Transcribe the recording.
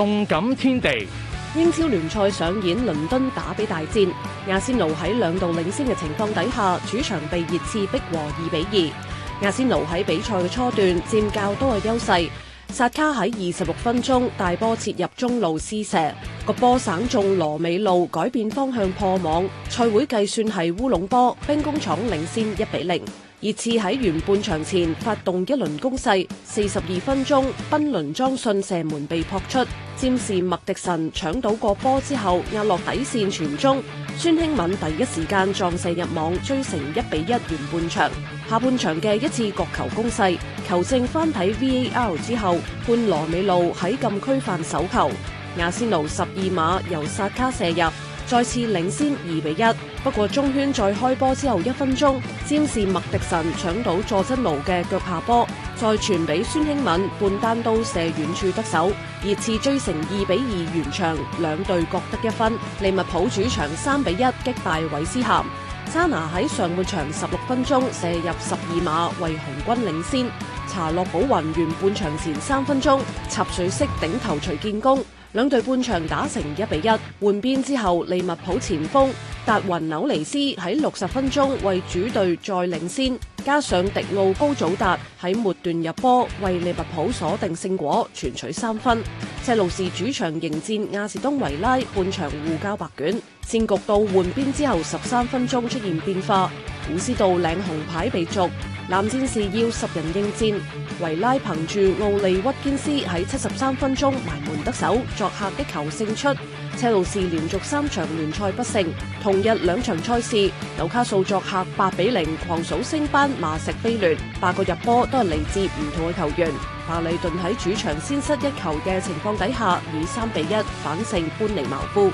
動感天地。英超聯賽上演倫敦打吡大戰，阿仙奴喺兩度領先嘅情況底下，主場被熱刺迫和二比二。阿仙奴喺比賽嘅初段佔較多嘅優勢，薩卡喺二十六分鐘大波切入中路施射，個波省中羅美路改變方向破網，賽會計算係烏龍波，兵工廠領先一比零。熱刺喺完半場前發動一輪攻勢，四十二分鐘，賓倫莊信射門被撲出，占士麥迪臣搶到個波之後壓落底線傳中，孫興敏第一時間撞射入網，追成一比一完半場。下半場嘅一次角球攻勢，球證翻睇 VAR 之後判羅美路喺禁區犯手球，亞仙奴十二碼由薩卡射入，再次領先二比一。不過，中圈在開波之後一分鐘，占士麥迪臣搶到佐真奴嘅腳下波，再傳俾孫興敏半單刀射遠處得手，熱刺追成二比二完場，兩隊各得一分，利物浦主場三比一擊敗韋斯咸。沙拿喺上半場十六分鐘射入十二碼，為紅軍領先。查洛寶云完半場前三分鐘插水式頂頭錘建功，兩隊半場打成一比一。換邊之後，利物浦前鋒達雲紐尼斯喺六十分鐘為主隊再領先。加上迪奧高祖達喺末段入波，為利物浦鎖定勝果，全取三分。赤路士主場迎戰亞士東維拉，半場互交白卷，戰局到換邊之後十三分鐘出現變化，古斯道領紅牌被逐。藍戰士要十人應戰，維拉憑住奧利屈堅斯喺七十三分鐘埋門得手，作客一球勝出。車路士連續三場聯賽不勝，同日兩場賽事，紐卡素作客八比零狂掃升班馬錫菲聯，八個入波都係嚟自唔同嘅球員。愛華頓喺主場先失一球嘅情況底下，以三比一反勝般尼茅夫。